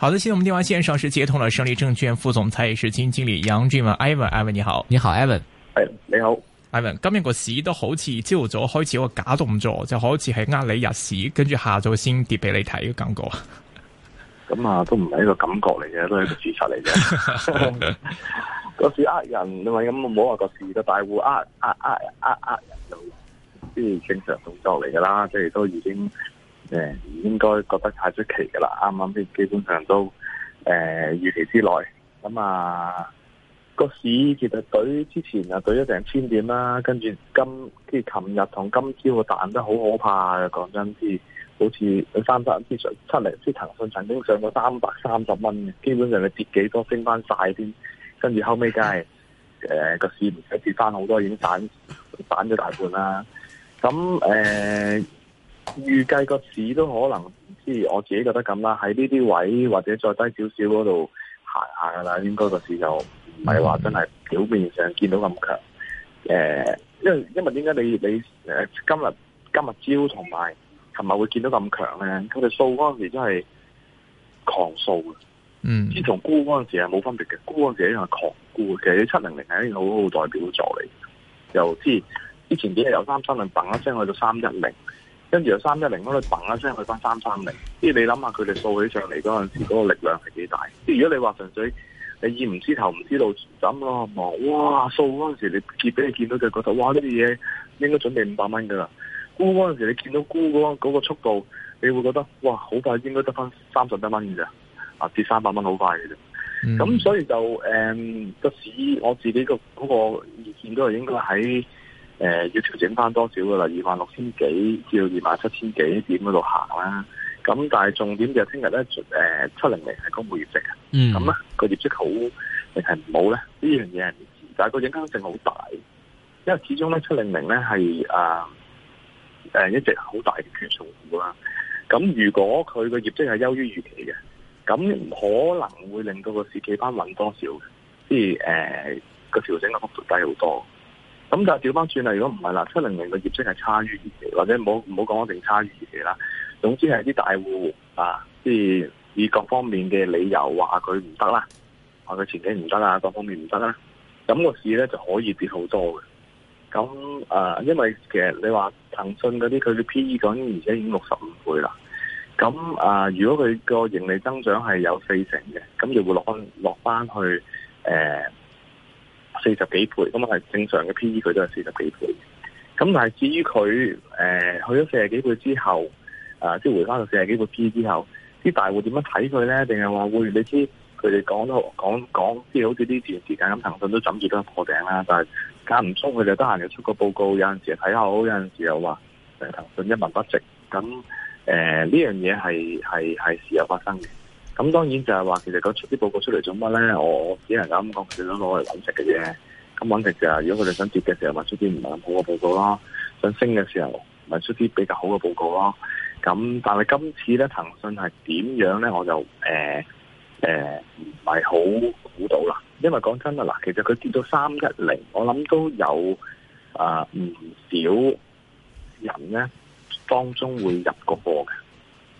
好的，現在我們電話線上是接通了勝利證券副總裁，也是基金經理楊俊文 Ivan，Ivan Ivan, Ivan, 你好，你好 Ivan，係、hey, 你好 Ivan，今日個市都好似朝早開始一個假動作，就好似係呃你入市，跟住下晝先跌俾你睇嘅感覺啊，咁啊都唔係一個感覺嚟嘅，都係一個注冊嚟嘅，個市呃人啊嘛，咁唔好話個市都大戶呃呃呃呃呃人就即係正常的動作嚟噶啦，即係都已經。誒，應該覺得太出奇噶啦啱啱變基本上都誒呃、預期之內，咁、嗯、啊、那個市其實懟之前啊懟咗成千點啦，跟住今即係琴日同今朝個彈都好可怕嘅，講真啲，好似三百之上出嚟，即係騰訊曾經上過三百三十蚊嘅，基本上你跌幾多升翻晒啲，跟住後尾梗係誒個市唔使跌翻好多，已經散散咗大半啦，咁、嗯、誒。呃預計個市都可能，即係我自己覺得咁啦，喺呢啲位或者再低少少嗰度行下噶啦，應該個市就唔係話真係表面上見到咁強。誒，因為因為點解你你今日今日朝同埋琴日會見到咁強咧？佢哋掃嗰陣時真係狂掃嘅，嗯，自從沽嗰陣時係冇分別嘅，沽嗰陣時一樣係狂沽嘅。其實七零零係一個好好代表作嚟，就之之前幾日由三三零嘣一聲去到三一零。跟住由三一零嗰度嘣一聲去翻三三零，即係你諗下佢哋掃起上嚟嗰陣時，嗰個力量係幾大。即係如果你話純粹你意唔知頭唔知道，咁咯，望哇，掃嗰陣時你見俾你見到就覺得哇呢啲嘢應該準備五百蚊噶啦。估嗰陣時你見到估嗰個速度，你會覺得哇好快，應該得翻三十一蚊嘅啫。啊跌三百蚊好快嘅啫。咁所以就誒，個市我自己個嗰個意見都係應該喺。誒、呃，要調整翻多少嘅啦，二萬六千幾至到二萬七千幾點嗰度行啦。咁、啊、但係重點就聽日咧，誒、呃、七零零係公布業績啊。嗯。咁咧個業績好定係唔好咧？呢樣嘢係唔知，但係個影響性好大，因為始終咧七零零咧係啊誒，一隻好大嘅權重股啦。咁如果佢個業績係優於預期嘅，咁可能會令到個市企翻穩多少？即係誒個調整嘅幅度低好多。咁就掉翻轉啦！如果唔係啦，七零零嘅業績係差於預期，或者唔好唔好講一定差於預期啦。總之係啲大戶啊，即係以各方面嘅理由話佢唔得啦，話佢前景唔得啦，各方面唔得啦。咁個市咧就可以跌好多嘅。咁啊，因為其實你話騰訊嗰啲佢嘅 P E 講，而且已經六十五倍啦。咁啊，如果佢個盈利增長係有四成嘅，咁又會落翻落翻去誒。呃四十幾倍，咁啊係正常嘅 P E，佢都係四十幾倍。咁但係至於佢誒去咗四十幾倍之後，啊即係回翻到四十幾倍 P E 之後，啲大戶點樣睇佢咧？定係話會？你知佢哋講到講講，即係好似呢段時間咁，騰訊都枕住都係破頂啦。但係間唔中佢哋得閒就出個報告，有陣時睇下好，有陣時又話騰訊一文不值。咁誒呢樣嘢係係係時發發生嘅。咁當然就係話，其實佢出啲報告出嚟做乜咧？我只能咁講，佢想攞嚟揾食嘅啫。咁揾食就係，如果佢哋想跌嘅時候，咪出啲唔係咁好嘅報告咯；想升嘅時候，咪出啲比較好嘅報告咯。咁，但係今次咧，騰訊係點樣咧？我就誒誒唔係好估到啦。因為講真啊，嗱，其實佢跌到三一零，我諗都有啊、呃、唔少人咧，當中會入個嘅。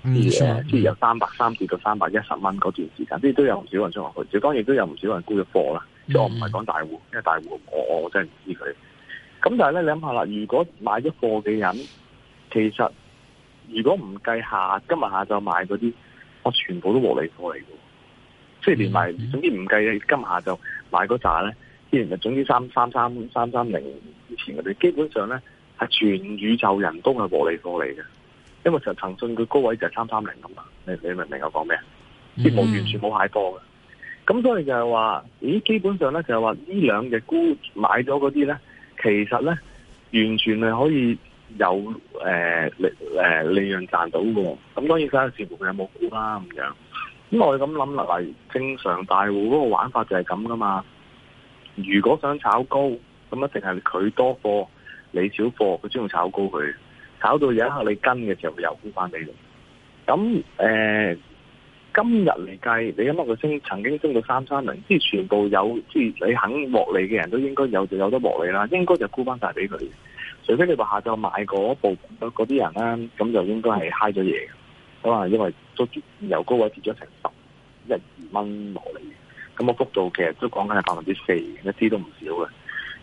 啲即係由三百三至到三百一十蚊嗰段時間，即係都有唔少人出落去，亦當然都有唔少人沽咗貨啦。即係我唔係講大戶，因為大戶我我真係唔知佢。咁但係咧，你諗下啦，如果買咗貨嘅人，其實如果唔計下今日下晝買嗰啲，我全部都獲利貨嚟嘅。即係連埋，總之唔計今日下晝買嗰扎咧，之前，總之三三三三三零之前嗰啲，基本上咧係全宇宙人都係獲利貨嚟嘅。因為實騰訊佢高位就係三三零咁嘛，你你明唔明我講咩啊？即係冇完全冇蟹貨嘅，咁所以就係話，咦，基本上咧就係話呢兩隻股買咗嗰啲咧，其實咧完全係可以有誒、呃、利誒、呃、利潤賺到嘅，咁當然而家似乎佢有冇股啦咁樣。咁我哋咁諗落嚟，正常大戶嗰個玩法就係咁噶嘛。如果想炒高，咁一定係佢多貨你少貨，佢先會炒高佢。炒到有一刻你跟嘅時候又沽翻俾你，咁誒今日嚟計，你今日個升曾經升到三三零，即係全部有即係你肯獲利嘅人都應該有就有得獲利啦，應該就沽翻晒俾佢。除非你話下晝買嗰部嗰啲人啦、啊，咁就應該係嗨咗嘢嘅，咁啊因為都由高位跌咗成十一二蚊落嚟，咁個幅度其實都講緊係百分之四，一啲都唔少嘅。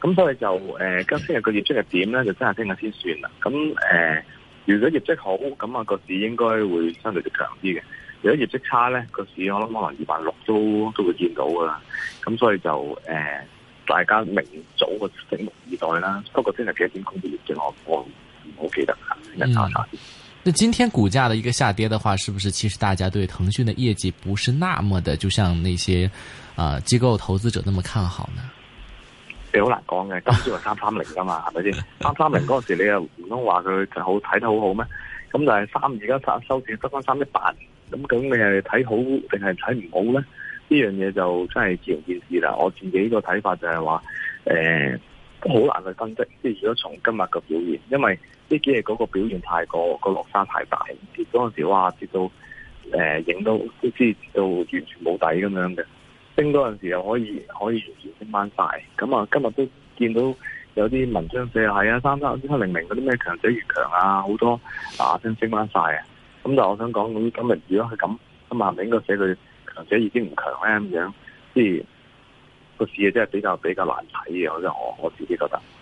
咁所以就誒今聽日個業績係點咧，就真係聽日先算啦。咁誒、呃，如果業績好，咁、那、啊個市應該會相對就強啲嘅。如果業績差咧，個市我諗可能二萬六都都會見到噶啦。咁所以就誒、呃，大家明早個拭目以待啦。不過聽日幾點公佈業績我我唔好記得。先查一查下、嗯。那今天股價嘅一個下跌嘅話，是不是其實大家對騰訊嘅業績不是那麼的，就像那些啊機、呃、構投資者那麼看好呢？你好難講嘅，今朝係三三零噶嘛，係咪先？三三零嗰時你又唔通話佢就好睇得好好咩？咁就係三，而家收收市得翻三一八，咁究竟你係睇好定係睇唔好咧？呢樣嘢就真係見仁見智啦。我自己個睇法就係話，誒、呃，好難去分析，即係如果從今日嘅表現，因為呢幾日嗰個表現太過、個落差太大，跌嗰陣時哇跌到誒影、呃、到都知到完全冇底咁樣嘅。升多陣時又可以可以完全升翻晒，咁、嗯、啊今日都見到有啲文章寫係啊三三三零零嗰啲咩強者越強啊，好多啊先升翻晒啊，咁就、嗯、我想講，咁今日如果係咁，咁下面應該寫佢強者已經唔強咧咁樣，即係個市啊視野，真係比較比較難睇嘅，我似我我自己覺得。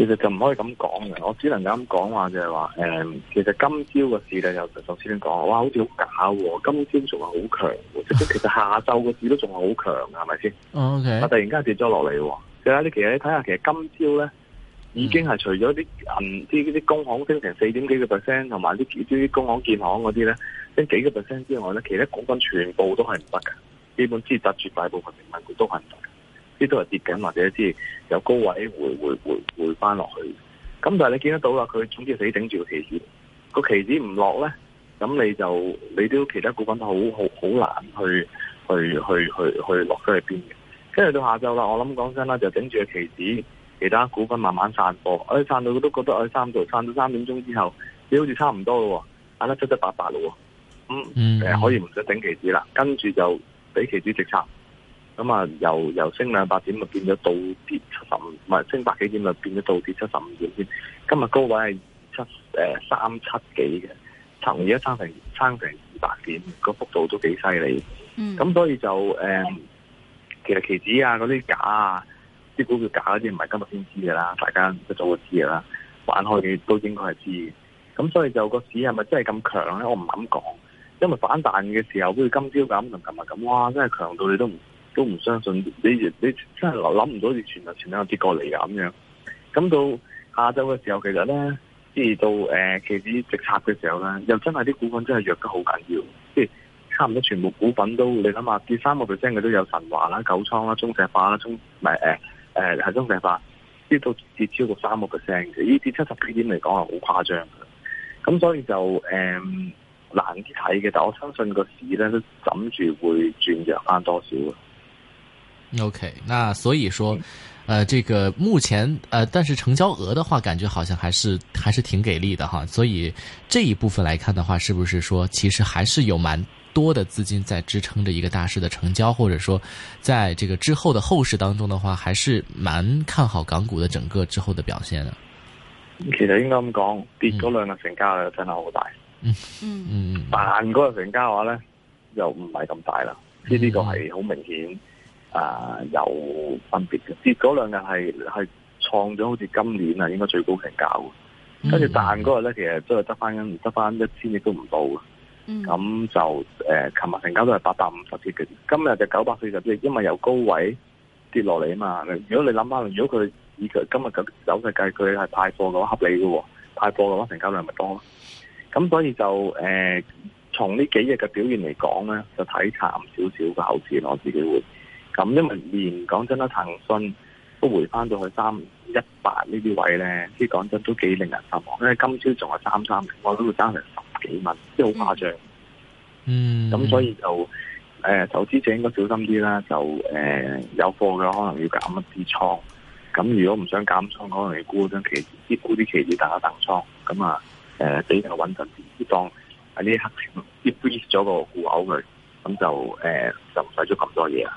其實就唔可以咁講嘅，我只能咁講話就係話，誒、嗯，其實今朝嘅市咧，又頭先講，哇，好似好假，今朝仲係好強，即係其實下晝嘅市都仲係好強，係咪先？OK，但係突然間跌咗落嚟，即其實你睇下，其實今朝咧已經係除咗啲銀、啲啲工行升成四點幾個 percent，同埋啲啲工行、建行嗰啲咧即幾個 percent 之外咧，其他股份全部都係唔得嘅，基本資質絕大部分成份股都係唔得。呢啲都係跌緊，或者知有高位回回回回翻落去。咁但係你見得到啦，佢總之死頂住個期指，個期指唔落咧，咁你就你啲其他股份好好好難去去去去去落咗去邊嘅。跟住到下晝啦，我諗講真啦，就頂住個期指，其他股份慢慢散貨。哎，散到我都覺得，哎三度散到三點鐘之後，你好似差唔多咯，打得七七八八咯。咁誒可以唔使頂期指啦，跟住就俾期指直插。咁、嗯、啊，由由升兩百點咪變咗倒跌七十五，唔係升百幾點咪變咗倒跌七十五點先。今日高位係七誒、呃、三七幾嘅，差唔多而家差成差成二百點，嗯，個幅度都幾犀利。咁、嗯、所以就誒、嗯，其實期指啊嗰啲假啊，啲股票假嗰啲唔係今日先知嘅啦，大家都早就知嘅啦，玩開嘅都應該係知。咁所以就個市係咪真係咁強咧？我唔敢講，因為反彈嘅時候好似今朝咁同琴日咁，哇，真係強到你都唔～都唔相信你，你真係諗唔到，似全日全天有跌過嚟啊！咁樣，咁到下周嘅時候其實呢至到、呃，其實咧，即係到誒，期指直插嘅時候咧，又真係啲股份真係弱得好緊要，即、就、係、是、差唔多全部股份都，你諗下跌三個 percent 佢都有神華啦、九倉啦、中石化啦、中係誒誒係中石化跌到跌超過三個 percent，咦？跌七十幾點嚟講係好誇張嘅，咁所以就誒、呃、難啲睇嘅，但我相信個市咧都枕住會轉弱返多少。OK，那所以說，呃，這個目前呃，但是成交額的話，感覺好像還是還是挺給力的哈。所以這一部分來看的話，是不是說其實還是有蠻多的資金在支撐着一個大市的成交，或者說在這個之後的後市當中的話，還是蠻看好港股的整個之後的表現的、啊。其實應該咁講，跌咗兩個成交量真係好大，嗯嗯嗯，但嗰個成交嘅話呢又唔係咁大啦，呢、嗯、呢、呢個係好明顯。啊、呃，有分別嘅跌嗰兩日係係創咗好似今年啊，應該最高成交嘅。跟住彈嗰日咧，其實都係得翻得翻一千億都唔到嘅。咁、嗯、就誒，琴、呃、日成交都係八百五十億嘅，今日就九百四十億，因為由高位跌落嚟啊嘛。如果你諗翻，如果佢以佢今日咁走勢計，佢係派貨嘅話，合理嘅喎，派貨嘅話成交量咪多咯。咁所以就誒、呃，從呢幾日嘅表現嚟講咧，就睇淡少少嘅後市，我自己會。咁因為連講真啦，騰訊都回翻到去三一八呢啲位咧，即係講真都幾令人失望。因為今朝仲係三三，我都會爭成十幾蚊，即係好誇張。嗯，咁所以就誒，投資者應該小心啲啦。就誒，有貨嘅可能要減一啲倉。咁如果唔想減倉，可能要沽張期，沽啲期指大家等倉。咁啊，誒，比頭穩陣啲，當喺呢一刻跌 e 咗個戶口佢，咁就誒，就唔使做咁多嘢啊。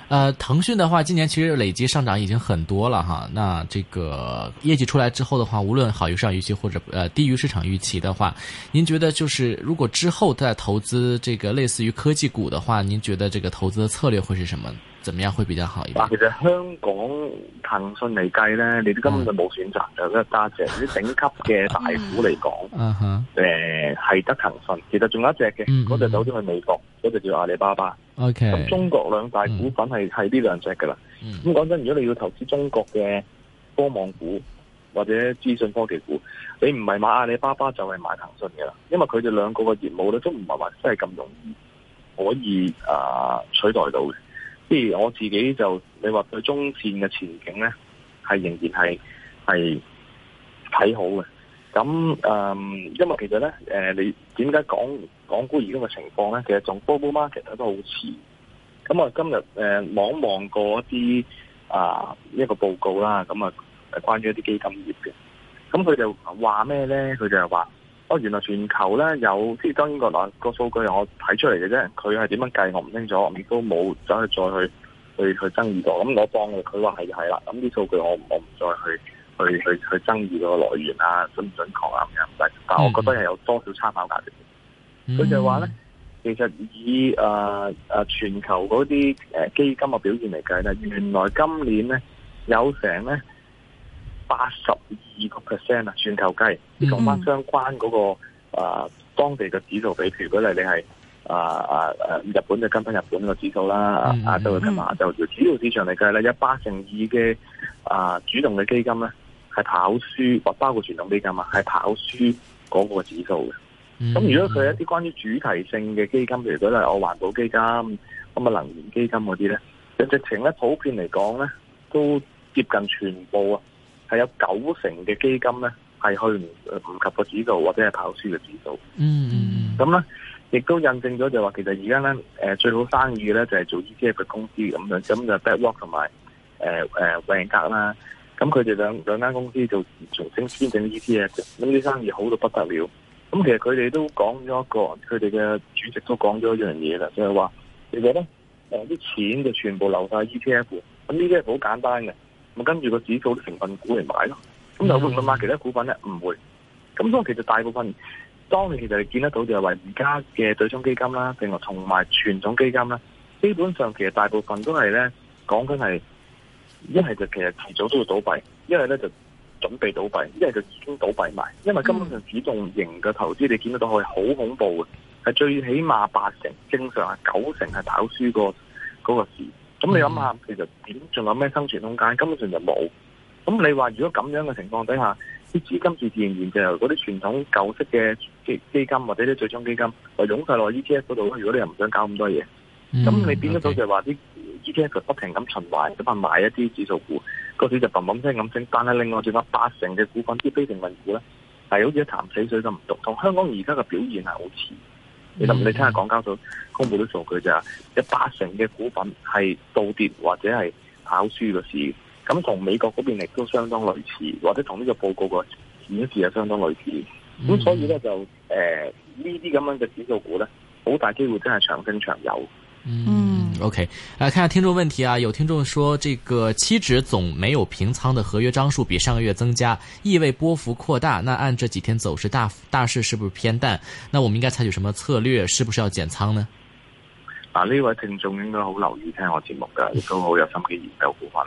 呃，騰訊的話，今年其實累積上漲已經很多了哈。那這個業績出來之後的話，無論好於市場預期或者呃低於市場預期的話，您覺得就是如果之後再投資這個類似於科技股的話，您覺得這個投資策略會是什麼？怎麼樣會比較好一點？其實香港騰訊嚟計呢、嗯、你根本就冇選擇嘅，因為加只啲頂級嘅大股嚟講，嗯哼，誒、嗯、係、呃、得騰訊。其實仲有一隻嘅，嗰、嗯嗯、隻走咗去美國，嗰隻叫阿里巴巴。OK，咁中國兩大股份係、嗯。是係呢兩隻噶啦，咁講真，如果你要投資中國嘅科網股或者資訊科技股，你唔係買阿里巴巴就係買騰訊嘅啦，因為佢哋兩個嘅業務咧都唔係話真係咁容易可以啊取代到嘅。即如我自己就你話對中線嘅前景咧，係仍然係係睇好嘅。咁誒、嗯，因為其實咧誒、呃，你點解講港股而家嘅情況咧，其實同波波 market 都好似？咁、嗯、啊，我今日誒望望過一啲啊、呃、一個報告啦，咁、嗯、啊關於一啲基金業嘅，咁、嗯、佢就話咩咧？佢就話：哦，原來全球咧有，即係當然、嗰個、嗰個數據我睇出嚟嘅啫，佢係點樣計我唔清楚，亦都冇走去再去去去，去，去，去爭議過。咁、嗯、我幫佢，佢話係啊係啦。咁啲數據我我唔再去去去去，去爭議個來源啊準唔準確啊咁樣，但係我覺得係有多少參考價值。佢、嗯、就話咧。其實以誒誒、啊啊、全球嗰啲誒基金嘅表現嚟計咧，mm-hmm. 原來今年咧有成咧八十二個 percent 啊，算頭計講返相關嗰、嗰個誒當地嘅指數，比，如嗰啲你係誒誒誒日本就跟翻日本個指數啦，啊，亞洲嘅嘛就主、是、要市場嚟計咧，有八成二嘅啊主動嘅基金咧係跑輸，或包括傳統基金啊，係跑輸嗰個指數嘅。咁、嗯、如果佢一啲關於主題性嘅基金，譬如嗰啲係我環保基金，咁啊能源基金嗰啲咧，就直情咧普遍嚟講咧，都接近全部啊，係有九成嘅基金咧係去唔唔及個指數，或者係跑輸嘅指數。嗯，咁咧亦都印證咗就話，其實而家咧最好生意咧就係做 E T F 嘅公司咁樣，咁就 BlackRock 同埋誒誒 Vanguard 啦，咁佢哋兩兩間公司做重新編整 E T F 嘅，咁啲生意好到不得了。咁其實佢哋都講咗一個，佢哋嘅主席都講咗一樣嘢啦，就係話其實咧，誒啲錢就全部留晒 ETF，咁呢啲好簡單嘅。咁跟住個指數啲成分股嚟買咯，咁就會唔會買其他股份咧？唔會。咁所以其實大部分，當你其實你見得到就係話，而家嘅對沖基金啦，定同埋傳統基金啦，基本上其實大部分都係咧講緊係一係就其實遲早都要倒閉，一係咧就。準備倒閉，因為就已經倒閉埋，因為根本上主動型嘅投資、嗯、你見得到佢好恐怖嘅，係最起碼八成，正常係九成係跑輸過嗰個市。咁你諗下、嗯，其實點仲有咩生存空間？根本上就冇。咁你話如果咁樣嘅情況底下，啲資金自自然然就由嗰啲傳統舊式嘅基基金或者啲對沖基金，就湧曬落 ETF 嗰度。如果你又唔想搞咁多嘢，咁、嗯、你變得到就，就係話啲 ETF 不停咁循環，咁啊買一啲指數股。個市 就砰砰聲咁升，但係另外仲有八成嘅股份啲非定雲股咧，係好似一潭死水咁唔動，同香港而家嘅表現係好似。你諗你聽下港交所公佈都數據就係，有八成嘅股份係倒跌或者係跑輸嘅事，咁同美國嗰邊亦都相當類似，或者同呢個報告個顯示係相當類似。咁、嗯、所以咧就誒、呃、呢啲咁樣嘅指數股咧，好大機會真係長升長有。嗯。OK，來睇下聽眾問題啊，有聽眾說這個期指總沒有平倉的合約張數比上個月增加，意味波幅擴大。那按這幾天走勢大大市是不是偏淡？那我們應該採取什麼策略？是不是要減倉呢？嗱，呢位聽眾應該好留意聽我節目㗎，亦都好有心機研究部分。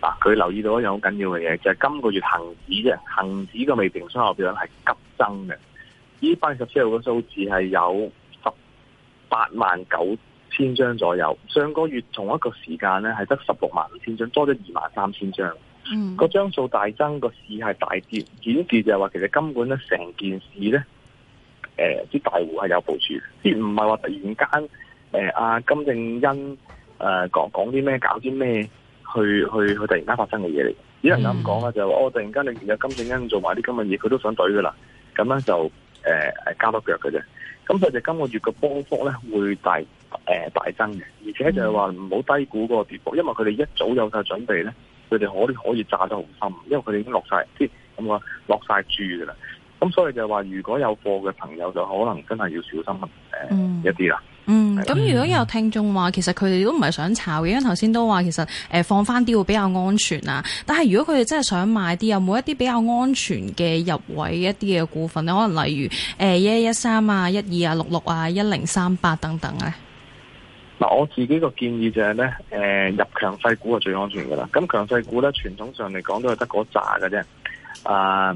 嗱，佢留意到一樣好緊要嘅嘢，就係、是、今個月恒指啫。恒指嘅未平倉合約量係急增嘅，呢班十七號嘅數字係有十八萬九。千張左右，上個月同一個時間咧係得十六萬五千張，多咗二萬三千張。嗯，個張數大增，個市係大跌，顯示就係話其實根本咧成件事咧，誒、呃、啲大戶係有部署，即唔係話突然間誒阿金正恩誒講講啲咩搞啲咩去去去突然間發生嘅嘢嚟。只能咁講啦，mm. 就話我、哦、突然間你有金正恩做埋啲咁嘅嘢，佢都想懟噶啦。咁咧就誒誒、呃、加多腳嘅啫。咁佢係就今個月嘅波幅咧會大。誒、呃，大增嘅，而且就係話唔好低估嗰個跌幅，因為佢哋一早有晒準備咧，佢哋可以可以炸得好深，因為佢哋已經落晒啲，咁啊落晒注噶啦，咁所以就係話如果有貨嘅朋友就可能真係要小心一啲啦。嗯，咁、嗯、如果有聽眾話、嗯，其實佢哋都唔係想炒嘅，因為頭先都話其實誒放翻啲會比較安全啊。但係如果佢哋真係想買啲，有冇一啲比較安全嘅入位一啲嘅股份咧？可能例如誒一一三啊、一二啊、六六啊、一零三八等等咧。嗱，我自己個建議就係咧，誒入強勢股係最安全噶啦。咁強勢股咧，傳統上嚟講都係得嗰扎嘅啫。啊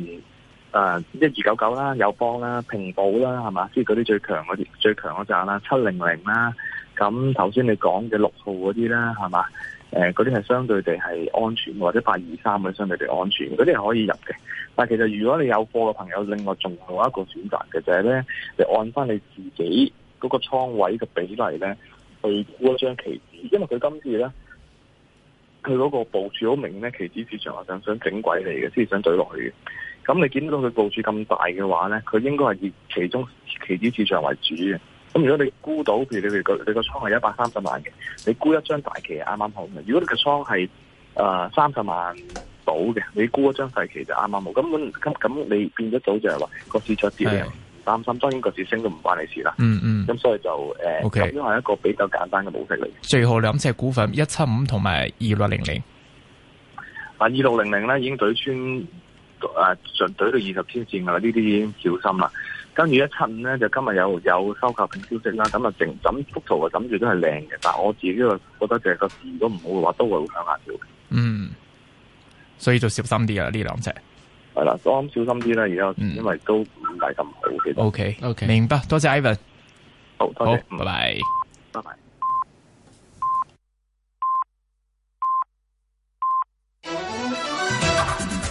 啊，一二九九啦，友邦啦，平保啦，係嘛？即係嗰啲最強嗰啲，最強嗰扎啦，七零零啦。咁頭先你講嘅六號嗰啲啦，係嘛？誒嗰啲係相對地係安全，或者八二三嘅相對地安全，嗰啲係可以入嘅。但係其實如果你有貨嘅朋友，另外仲有一個選擇嘅就係咧，你按翻你自己嗰個倉位嘅比例咧。去沽一張期指，因為佢今次咧，佢嗰個部署好明咧，期指市場話想來的想整鬼嚟嘅，先想追落去嘅。咁你見到佢部署咁大嘅話咧，佢應該係以其中期指市場為主嘅。咁如果你沽到，譬如你譬如個你個倉係一百三十萬嘅，你沽一張大期啱啱好嘅。如果你個倉係誒三十萬到嘅，你沽一張細期就啱啱好。咁咁咁，你變咗到就係話個市跌啲擔心，當然個市升都唔關你事啦。嗯嗯，咁所以就誒，呢個係一個比較簡單嘅模式嚟嘅。最後兩隻股份，一七五同埋二六零零。啊，二六零零咧已經懟穿誒、啊，上懟到二十天線啦，呢啲已經小心啦。跟住一七五咧，就今日有有收購品消息啦，咁啊整，咁幅圖啊，諗住都係靚嘅。但係我自己又覺得，就係個市如果唔好嘅話，都會好搶眼少嘅。嗯，所以就小心啲啊，呢兩隻。係啦，都咁小心啲啦，而家因為都唔係咁好嘅。OK，OK，明白，多謝 Ivan。好，多謝，拜拜，拜拜。